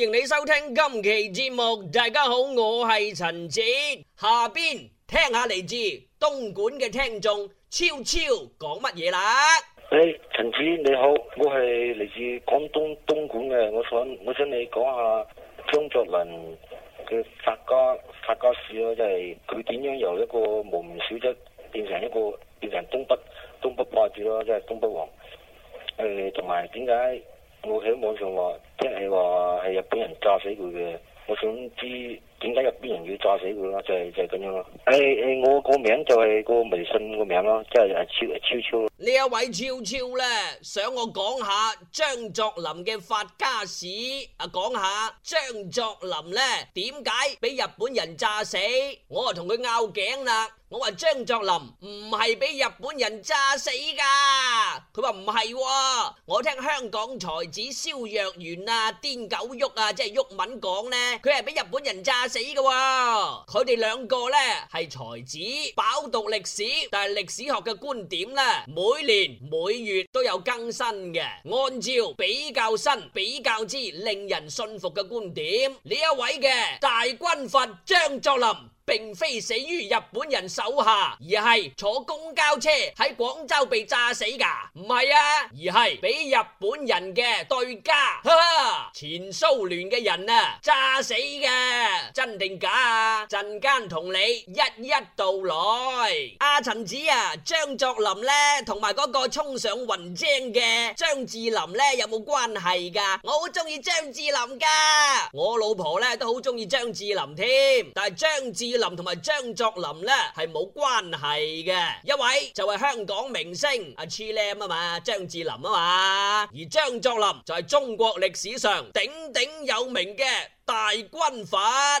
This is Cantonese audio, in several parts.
歡迎你收聽今期節目，大家好，我係陳子，下邊聽下嚟自東莞嘅聽眾超超講乜嘢啦？誒，陳子你好，我係嚟自廣東東莞嘅，我想我想你講下張作霖嘅發家發家史咯，即係佢點樣由一個無名小卒變成一個變成東北東北霸主咯，即係東北王誒，同埋點解？我喺網上話，即係話係日本人炸死佢嘅，我想知點解日本人要炸死佢啦？就係、是、就係、是、咁樣啦。誒、哎、誒、哎，我個名就係個微信個名咯，即係阿超誒超超。呢一位超超咧，想我講下張作霖嘅發家史，啊講下張作霖咧點解俾日本人炸死，我就同佢拗頸啦。我話張作霖唔係俾日本人炸死噶，佢話唔係，我聽香港才子蕭若元啊、癲狗郁啊，即係毓民講呢，佢係俾日本人炸死噶、哦。佢哋兩個呢係才子，飽讀歷史，但係歷史學嘅觀點呢，每年每月都有更新嘅，按照比較新、比較之令人信服嘅觀點，呢一位嘅大軍閥張作霖。並非死於日本人手下，而係坐公交車喺廣州被炸死噶，唔係啊，而係俾日本人嘅對家，呵呵，前蘇聯嘅人啊炸死嘅，真定假啊？陣間同你一一道來，阿陳子啊，張作霖咧同埋嗰個衝上雲霄嘅張智霖咧有冇關係噶？我好中意張智霖噶，我老婆咧都好中意張智霖添，但係張智霖。林同埋張作霖呢係冇關係嘅，一位就係香港明星阿 Chilam 啊嘛，張智霖啊嘛，而張作霖就係中國歷史上鼎鼎有名嘅大軍閥。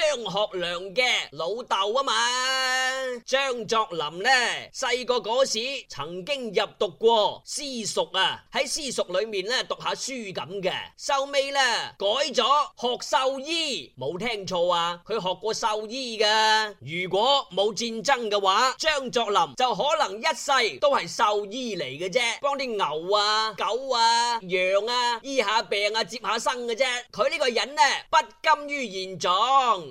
張學良嘅老豆啊嘛，張作霖呢細個嗰時曾經入讀過私塾啊，喺私塾裏面呢讀下書咁嘅，收尾呢改咗學獸醫，冇聽錯啊，佢學過獸醫噶。如果冇戰爭嘅話，張作霖就可能一世都係獸醫嚟嘅啫，幫啲牛啊、狗啊、羊啊醫下病啊、接下生嘅啫。佢呢個人呢不甘於現狀。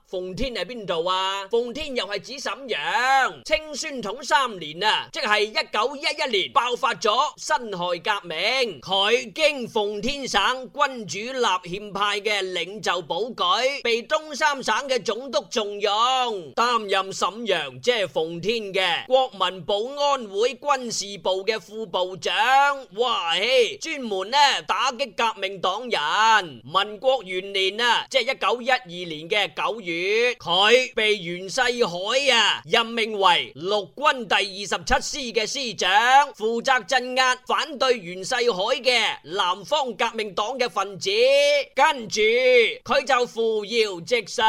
奉天喺邊度啊？奉天又係指瀋陽。清宣統三年啊，即係一九一一年，爆發咗辛亥革命。佢經奉天省君主立憲派嘅領袖保舉，被東三省嘅總督重用，擔任瀋陽即係奉天嘅國民保安會軍事部嘅副部長。哇，專門咧打擊革命黨人。民國元年啊，即係一九一二年嘅九月。佢被袁世凱啊任命為陸軍第二十七師嘅師長，負責鎮壓反對袁世凱嘅南方革命黨嘅分子。跟住佢就扶搖直上，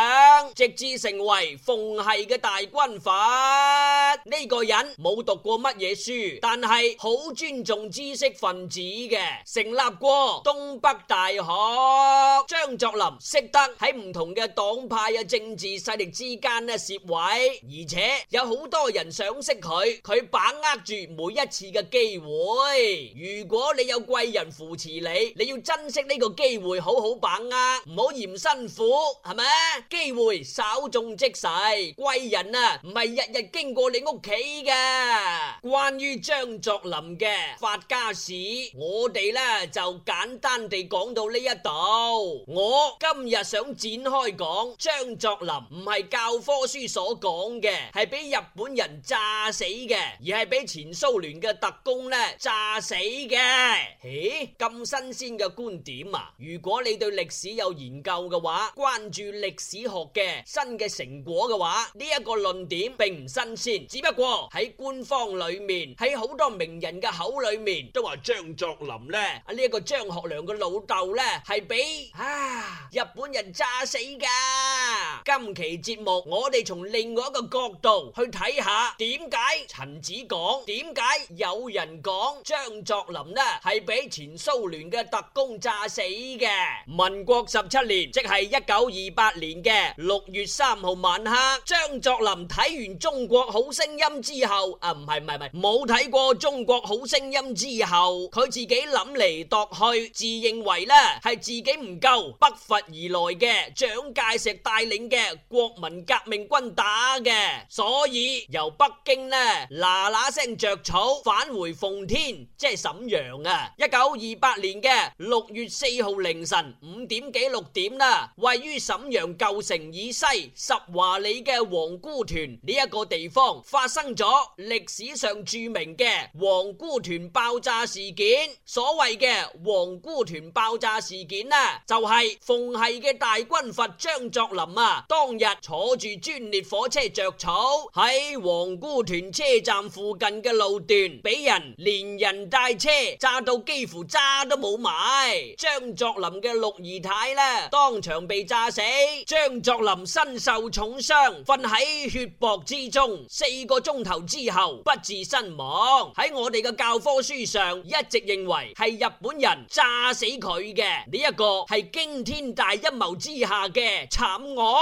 直至成為奉系嘅大軍閥。呢、這個人冇讀過乜嘢書，但係好尊重知識分子嘅，成立過東北大學。張作霖識得喺唔同嘅黨派嘅、啊、政。政治勢力之間呢涉位，而且有好多人想識佢，佢把握住每一次嘅機會。如果你有貴人扶持你，你要珍惜呢個機會，好好把握，唔好嫌辛苦，係咪？機會稍縱即逝，貴人啊，唔係日日經過你屋企嘅。關於張作霖嘅發家史，我哋呢就簡單地講到呢一度。我今日想展開講張作。林唔係教科書所講嘅，係俾日本人炸死嘅，而係俾前蘇聯嘅特工咧炸死嘅。咦？咁新鮮嘅觀點啊！如果你對歷史有研究嘅話，關注歷史學嘅新嘅成果嘅話，呢一個論點並唔新鮮。只不過喺官方裏面，喺好多名人嘅口裏面都話張作霖咧，啊呢一個張學良嘅老豆咧係俾啊日本人炸死噶。今期節目，我哋從另外一個角度去睇下點解陳子講，點解有人講張作霖呢係俾前蘇聯嘅特工炸死嘅？民國十七年，即係一九二八年嘅六月三號晚黑，張作霖睇完《中國好聲音》之後，啊唔係唔係唔係，冇睇過《中國好聲音》之後，佢自己諗嚟度去，自認為呢係自己唔夠北伐而來嘅，蔣介石帶領。嘅國民革命軍打嘅，所以由北京呢嗱嗱聲着草返回奉天，即係瀋陽啊！一九二八年嘅六月四號凌晨五點幾六點啦，位於瀋陽舊城以西十華里嘅皇姑屯呢一個地方發生咗歷史上著名嘅皇姑屯爆炸事件。所謂嘅皇姑屯爆炸事件呢，就係奉系嘅大軍閥張作霖啊。當日坐住專列火車着草，喺皇姑屯車站附近嘅路段，俾人連人帶車炸到幾乎渣都冇埋。張作霖嘅六姨太呢，當場被炸死。張作霖身受重傷，瞓喺血泊之中四個鐘頭之後不治身亡。喺我哋嘅教科書上一直認為係日本人炸死佢嘅，呢一個係驚天大陰謀之下嘅慘案。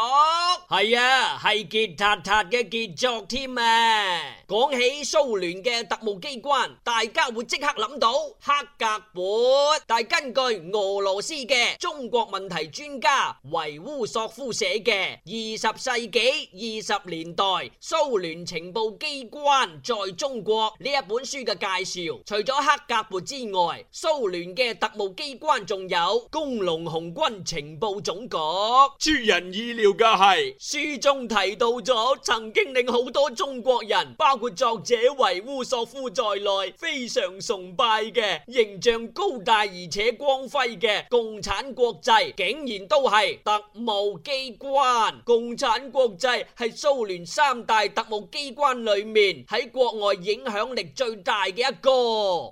係啊，係傑塔塔嘅傑作添啊！講起蘇聯嘅特務機關，大家會即刻諗到克格勃。但係根據俄羅斯嘅中國問題專家維烏索夫寫嘅《二十世紀二十年代蘇聯情報機關在中國》呢一本書嘅介紹，除咗克格勃之外，蘇聯嘅特務機關仲有工農紅軍情報總局。出人意料。嘅係書中提到咗，曾經令好多中國人，包括作者維烏索夫在內，非常崇拜嘅形象高大而且光輝嘅共產國際，竟然都係特務機關。共產國際係蘇聯三大特務機關裏面喺國外影響力最大嘅一個。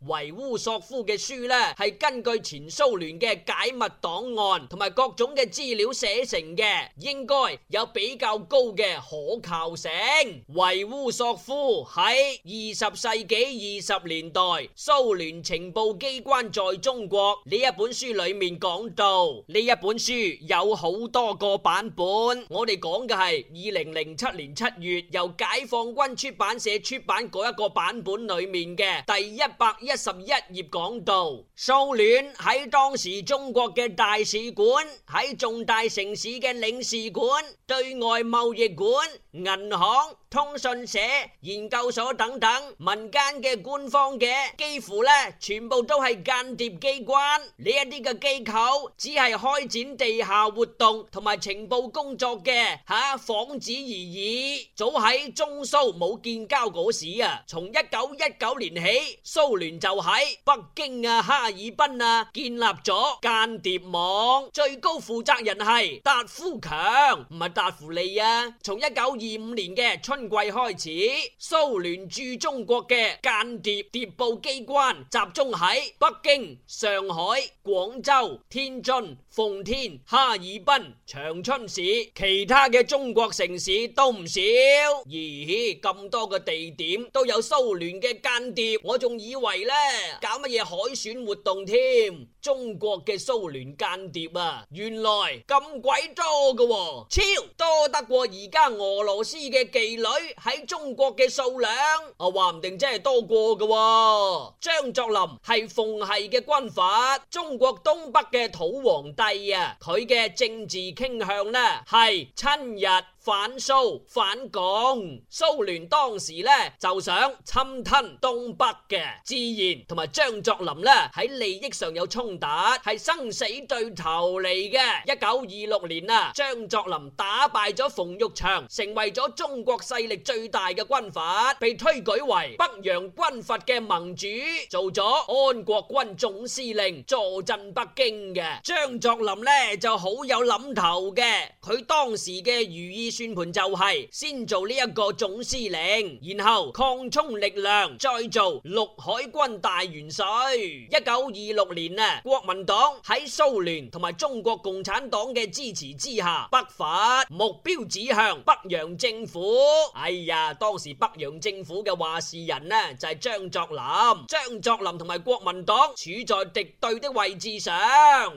維烏索夫嘅書呢，係根據前蘇聯嘅解密檔案同埋各種嘅資料寫成嘅，應。該有比較高嘅可靠性。維烏索夫喺二十世紀二十年代，蘇聯情報機關在中國呢一本書裏面講到，呢一本書有好多個版本。我哋講嘅係二零零七年七月由解放軍出版社出版嗰一個版本裏面嘅第一百一十一頁講到，蘇聯喺當時中國嘅大使館喺重大城市嘅領事館。管對外貿易管。銀行、通訊社、研究所等等，民間嘅、官方嘅，幾乎呢全部都係間諜機關呢一啲嘅機構，只係開展地下活動同埋情報工作嘅吓幌子而已。早喺中蘇冇建交嗰時啊，從一九一九年起，蘇聯就喺北京啊、哈爾濱啊建立咗間諜網，最高負責人係達夫強，唔係達芙利啊，從一九。二五年嘅春季開始，蘇聯駐中國嘅間諜諜報機關集中喺北京、上海、廣州、天津。奉天、哈爾濱、長春市，其他嘅中國城市，都唔少。咦，咁多個地點都有蘇聯嘅間諜，我仲以為咧搞乜嘢海選活動添？中國嘅蘇聯間諜啊，原來咁鬼多嘅，啊，超多得過而家俄羅斯嘅妓女喺中國嘅數量。啊話唔定真係多過嘅，啊。張作霖係奉系嘅軍閥，中國東北嘅土皇帝。帝啊，佢嘅政治傾向呢係親日反蘇反共，蘇聯當時呢就想侵吞東北嘅，自然同埋張作霖呢喺利益上有衝突，係生死對頭嚟嘅。一九二六年啊，張作霖打敗咗馮玉祥，成為咗中國勢力最大嘅軍閥，被推舉為北洋軍閥嘅盟主，做咗安國軍總司令，坐鎮北京嘅張作。作霖呢就好有諗頭嘅，佢當時嘅如意算盤就係先做呢一個總司令，然後擴充力量，再做陸海軍大元帥。一九二六年啊，國民黨喺蘇聯同埋中國共產黨嘅支持之下北伐，目標指向北洋政府。哎呀，當時北洋政府嘅話事人呢就係張作霖，張作霖同埋國民黨處在敵對的位置上，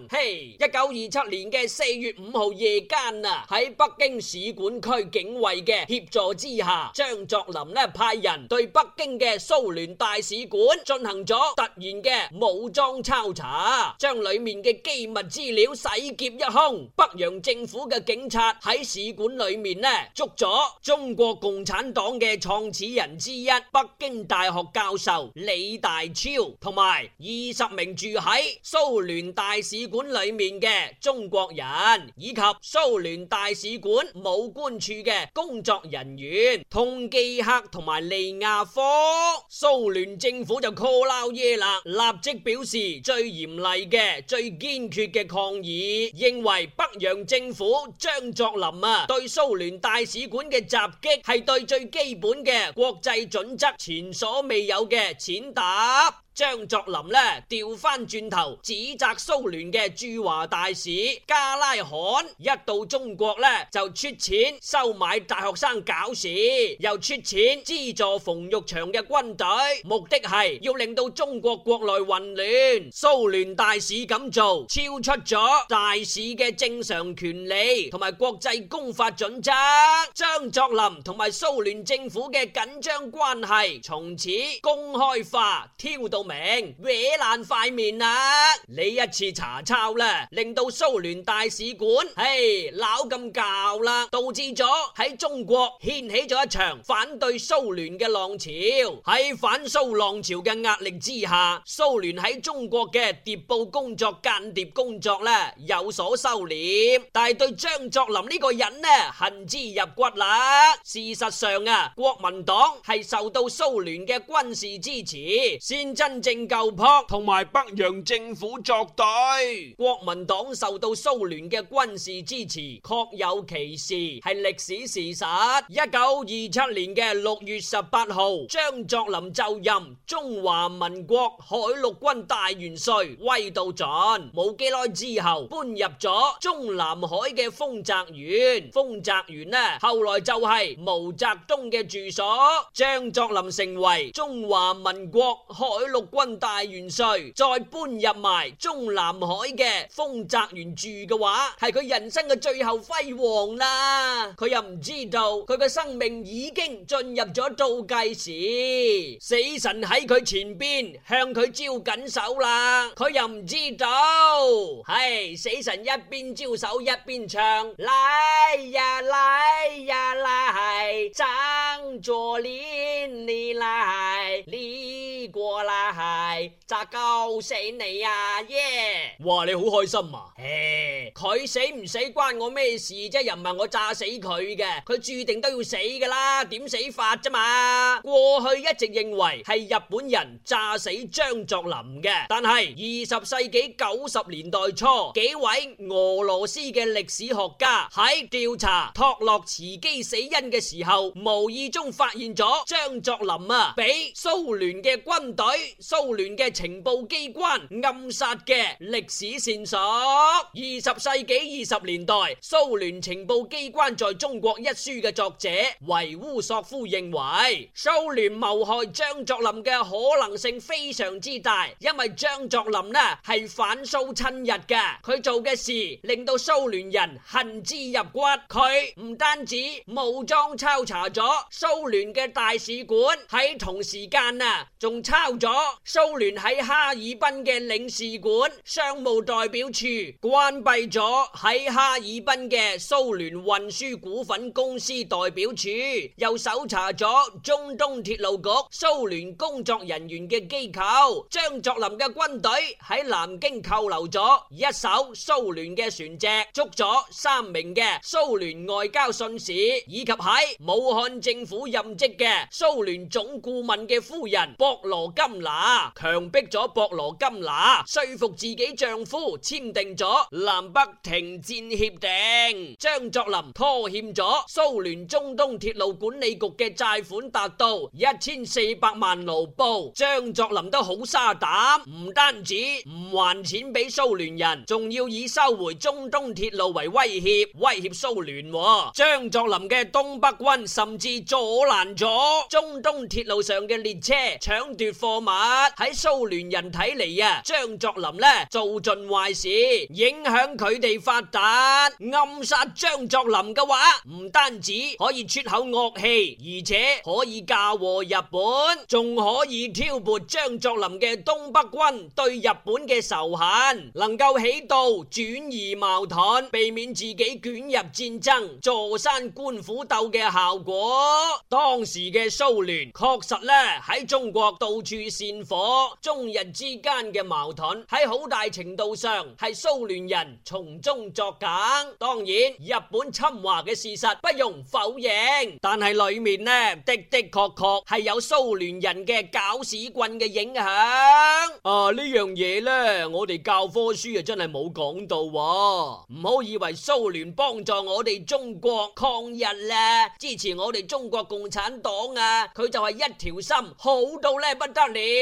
嘿。一九二七年嘅四月五號夜間啊，喺北京使館區警衛嘅協助之下，張作霖咧派人對北京嘅蘇聯大使館進行咗突然嘅武裝抄查，將裏面嘅機密資料洗劫一空。北洋政府嘅警察喺使館裏面咧捉咗中國共產黨嘅創始人之一、北京大學教授李大釗同埋二十名住喺蘇聯大使館裏面。嘅中國人以及蘇聯大使館武官處嘅工作人員通基克同埋利亞科，蘇聯政府就 call out 耶啦，立即表示最嚴厲嘅、最堅決嘅抗議，認為北洋政府張作霖啊對蘇聯大使館嘅襲擊係對最基本嘅國際準則前所未有嘅踐踏。張作霖呢調翻轉頭指責蘇聯嘅駐華大使加拉罕，一到中國呢就出錢收買大學生搞事，又出錢資助馮玉祥嘅軍隊，目的係要令到中國國內混亂。蘇聯大使咁做超出咗大使嘅正常權利同埋國際公法準則。張作霖同埋蘇聯政府嘅緊張關係從此公開化，挑動。名搲爛塊面啦！呢一次查抄咧，令到蘇聯大使館嘿鬧咁教啦，導致咗喺中國掀起咗一場反對蘇聯嘅浪潮。喺反蘇浪潮嘅壓力之下，蘇聯喺中國嘅諜報工作、間諜工作咧有所收斂，但係對張作霖呢個人呢恨之入骨啦。事實上啊，國民黨係受到蘇聯嘅軍事支持，先真。真正夠撲，同埋北洋政府作對，國民黨受到蘇聯嘅軍事支持，確有其事，係歷史事實。一九二七年嘅六月十八號，張作霖就任中華民國海陸軍大元帥，威道盡。冇幾耐之後，搬入咗中南海嘅豐澤園。豐澤園呢，後來就係毛澤東嘅住所。張作霖成為中華民國海陸軍大元帥再搬入埋中南海嘅豐澤園住嘅話，係佢人生嘅最後輝煌啦。佢又唔知道，佢嘅生命已經進入咗倒計時，死神喺佢前邊向佢招緊手啦。佢又唔知道，係死神一邊招手一邊唱，嚟呀嚟呀嚟，張作霖你來，你過來。係炸鳩死你啊耶！哇，你好開心啊！佢死唔死關我咩事啫？又唔係我炸死佢嘅，佢注定都要死噶啦，點死法啫嘛？過去一直認為係日本人炸死張作霖嘅，但係二十世紀九十年代初，幾位俄羅斯嘅歷史學家喺調查托洛茨基死因嘅時候，無意中發現咗張作霖啊，俾蘇聯嘅軍隊。蘇聯嘅情報機關暗殺嘅歷史線索。二十世紀二十年代，蘇聯情報機關在中國一書嘅作者維烏索夫認為，蘇聯謀害張作霖嘅可能性非常之大，因為張作霖呢係反蘇親日嘅，佢做嘅事令到蘇聯人恨之入骨。佢唔單止武裝抄查咗蘇聯嘅大使館，喺同時間啊，仲抄咗。蘇聯喺哈爾濱嘅領事館、商務代表處關閉咗；喺哈爾濱嘅蘇聯運輸股份公司代表處又搜查咗中東鐵路局蘇聯工作人員嘅機構。張作霖嘅軍隊喺南京扣留咗一艘蘇聯嘅船隻，捉咗三名嘅蘇聯外交信使，以及喺武漢政府任職嘅蘇聯總顧問嘅夫人博羅金蘭。強逼咗博羅金拿說服自己丈夫簽訂咗南北停戰協定。張作霖拖欠咗蘇聯中東鐵路管理局嘅債款達到一千四百萬盧布。張作霖都好沙膽，唔單止唔還錢俾蘇聯人，仲要以收回中東鐵路為威脅，威脅蘇聯。張作霖嘅東北軍甚至阻攔咗中東鐵路上嘅列車，搶奪貨馬，搶奪貨物。喺蘇聯人睇嚟啊，張作霖呢做盡壞事，影響佢哋發達。暗殺張作霖嘅話，唔單止可以出口惡氣，而且可以嫁禍日本，仲可以挑撥張作霖嘅東北軍對日本嘅仇恨，能夠起到轉移矛盾、避免自己捲入戰爭、坐山觀虎鬥嘅效果。當時嘅蘇聯確實呢喺中國到處是。戰火中日之間嘅矛盾喺好大程度上係蘇聯人從中作梗。當然，日本侵華嘅事實不容否認，但係裏面咧的的確確係有蘇聯人嘅搞屎棍嘅影響。啊，呢樣嘢咧，我哋教科書啊真係冇講到。唔好以為蘇聯幫助我哋中國抗日啦，支持我哋中國共產黨啊，佢就係一條心，好到咧不得了。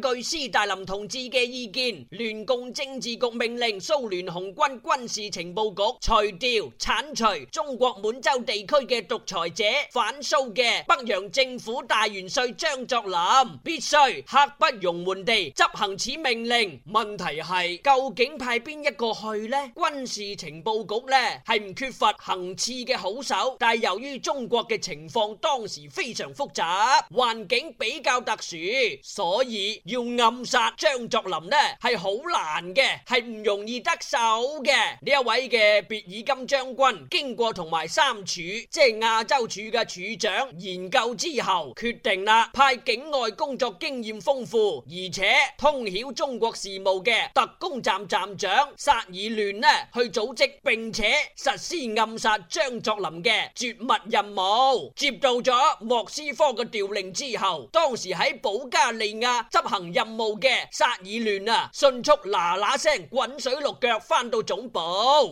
根據斯大林同志嘅意見，聯共政治局命令蘇聯紅軍軍事情報局除掉，鏟除中國滿洲地區嘅獨裁者，反蘇嘅北洋政府大元帥張作霖，必須刻不容緩地執行此命令。問題係，究竟派邊一個去呢？軍事情報局呢，係唔缺乏行刺嘅好手，但係由於中國嘅情況當時非常複雜，環境比較特殊，所以。要暗殺張作霖呢，係好難嘅，係唔容易得手嘅。呢一位嘅別爾金將軍經過同埋三處，即係亞洲處嘅處長研究之後，決定啦，派境外工作經驗豐富而且通曉中國事務嘅特工站站長薩爾聯呢去組織並且實施暗殺張作霖嘅絕密任務。接到咗莫斯科嘅調令之後，當時喺保加利亞執行任務嘅薩爾亂啊，迅速嗱嗱聲滾水淥腳返到總部。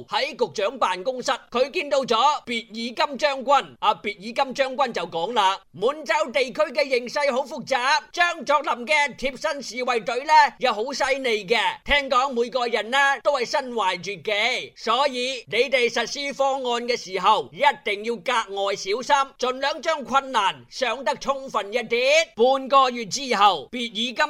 喺局長辦公室，佢見到咗別爾金將軍。阿別爾金將軍就講啦，滿洲地區嘅形勢好複雜，張作霖嘅貼身侍衛隊呢又好犀利嘅。聽講每個人呢都係身懷絕技，所以你哋實施方案嘅時候一定要格外小心，盡量將困難想得充分一點。半個月之後，別爾金。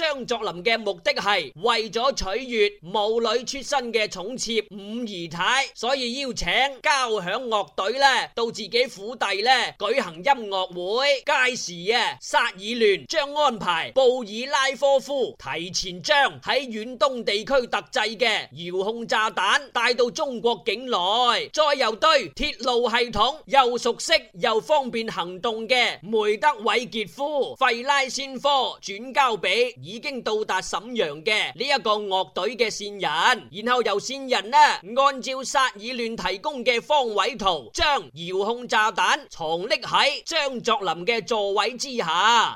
張作霖嘅目的係為咗取悦母女出身嘅寵妾五姨太，所以邀請交響樂隊呢到自己府邸呢舉行音樂會。屆時啊，薩爾聯將安排布爾拉科夫提前將喺遠東地區特製嘅遙控炸彈帶到中國境內，再由對鐵路系統又熟悉又方便行動嘅梅德韋傑夫費拉先科轉交俾。已經到達瀋陽嘅呢一個樂隊嘅線人，然後由線人呢、啊，按照薩爾亂提供嘅方位圖，將遙控炸彈藏匿喺張作霖嘅座位之下，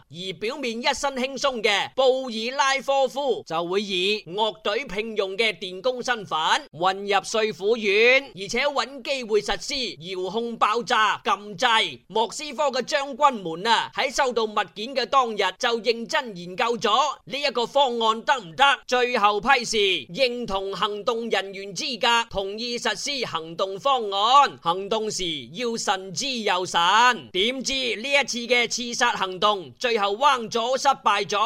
而表面一身輕鬆嘅布爾拉科夫就會以樂隊聘用嘅電工身份混入帥府院，而且揾機會實施遙控爆炸禁制。莫斯科嘅將軍們啊，喺收到物件嘅當日就認真研究咗。呢一個方案得唔得？最後批示，認同行動人員資格，同意實施行動方案。行動時要慎之又慎。點知呢一次嘅刺殺行動最後彎咗，失敗咗。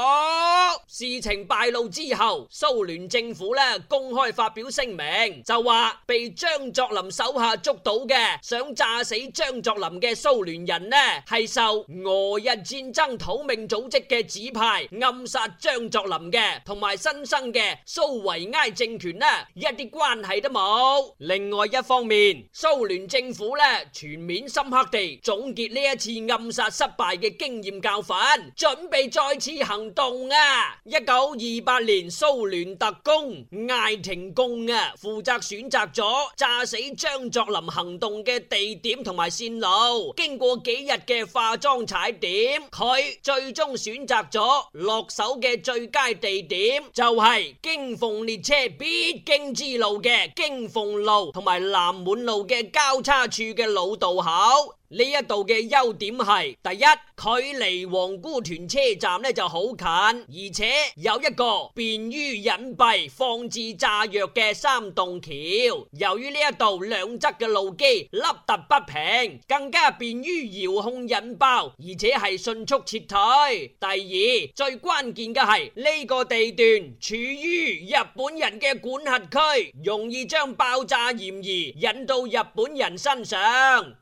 事情敗露之後，蘇聯政府呢，公開發表聲明，就話被張作霖手下捉到嘅想炸死張作霖嘅蘇聯人呢，係受俄日戰爭討命組織嘅指派暗殺。張作霖嘅同埋新生嘅蘇維埃政權呢，一啲關係都冇。另外一方面，蘇聯政府呢，全面深刻地總結呢一次暗殺失敗嘅經驗教訓，準備再次行動啊。一九二八年，蘇聯特工艾廷貢啊，負責選擇咗炸死張作霖行動嘅地點同埋線路。經過幾日嘅化妝踩點，佢最終選擇咗落手嘅嘅最佳地點就係京鳳列車必經之路嘅京鳳路同埋南滿路嘅交叉處嘅老道口。呢一度嘅優點係，第一，距離皇姑屯車站呢就好近，而且有一個便於隱蔽放置炸藥嘅三洞橋。由於呢一度兩側嘅路基凹凸不平，更加便於遙控引爆，而且係迅速撤退。第二，最關鍵嘅係呢個地段處於日本人嘅管轄區，容易將爆炸嫌疑引到日本人身上。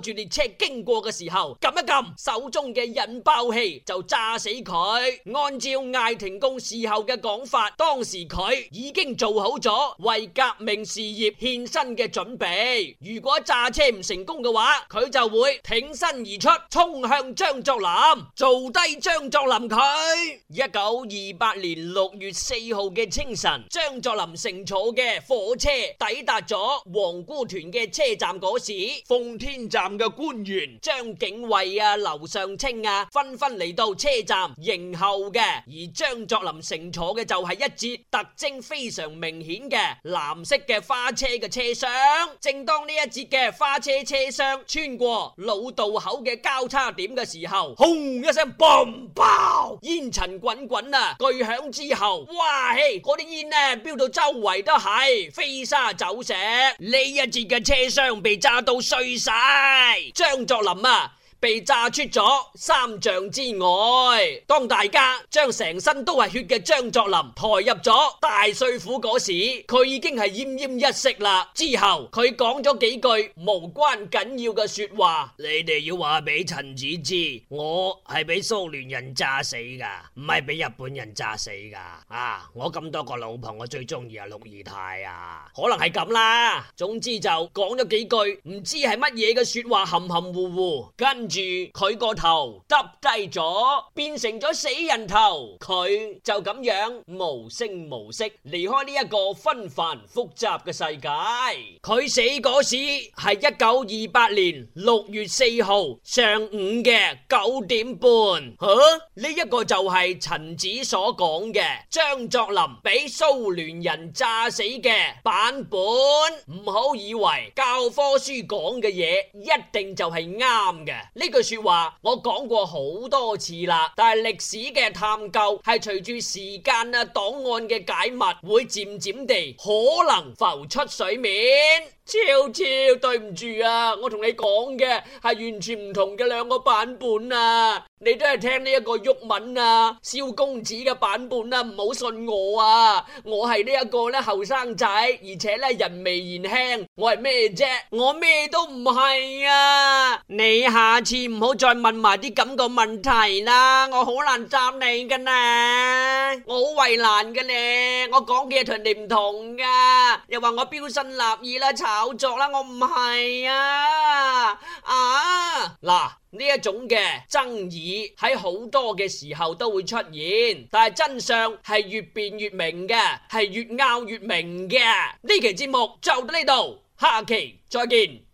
住列車經過嘅時候，撳一撳手中嘅引爆器就炸死佢。按照艾廷公事後嘅講法，當時佢已經做好咗為革命事業獻身嘅準備。如果炸車唔成功嘅話，佢就會挺身而出，衝向張作霖，做低張作霖佢。一九二八年六月四號嘅清晨，張作霖乘坐嘅火車抵達咗皇姑屯嘅車站時，奉天站。嘅官員張景惠啊、劉尚清啊，紛紛嚟到車站迎候嘅。而張作霖乘坐嘅就係一節特徵非常明顯嘅藍色嘅花車嘅車廂。正當呢一節嘅花車車廂穿過老道口嘅交叉點嘅時候，轟一聲嘣爆，煙塵滾滾啊！巨響之後，哇嘿，嗰啲煙呢飆到周圍都係飛沙走石。呢一節嘅車廂被炸到碎晒。張作霖啊！被炸出咗三丈之外。當大家將成身都係血嘅張作霖抬入咗大帥府嗰時，佢已經係奄奄一息啦。之後佢講咗幾句無關緊要嘅說話，你哋要話俾陳子知，我係俾蘇聯人炸死噶，唔係俾日本人炸死噶。啊，我咁多個老婆，我最中意係六姨太啊，可能係咁啦。總之就講咗幾句唔知係乜嘢嘅說話，含含糊糊跟住佢個頭耷低咗，變成咗死人頭。佢就咁樣無聲無息離開呢一個紛繁複雜嘅世界。佢死嗰時係一九二八年六月四號上午嘅九點半。吓、啊，呢一個就係陳子所講嘅張作霖俾蘇聯人炸死嘅版本。唔好以為教科書講嘅嘢，一定就係啱嘅。呢句說話我講過好多次啦，但係歷史嘅探究係隨住時間啊檔案嘅解密會漸漸，會漸漸地可能浮出水面。超超，對唔住啊！我同你講嘅係完全唔同嘅兩個版本啊！你都係聽呢一個玉文啊、蕭公子嘅版本啊，唔好信我啊！我係呢一個咧後生仔，而且咧人微言輕，我係咩啫？我咩都唔係啊！你下次唔好再問埋啲咁個問題啦，我好難答你噶呢，我好為難噶呢，我講嘅嘢同你唔同噶，又話我標新立異啦，炒作啦，我唔係啊！啊嗱，呢一種嘅爭議喺好多嘅時候都會出現，但係真相係越辯越明嘅，係越拗越明嘅。呢期節目就到呢度，下期再見。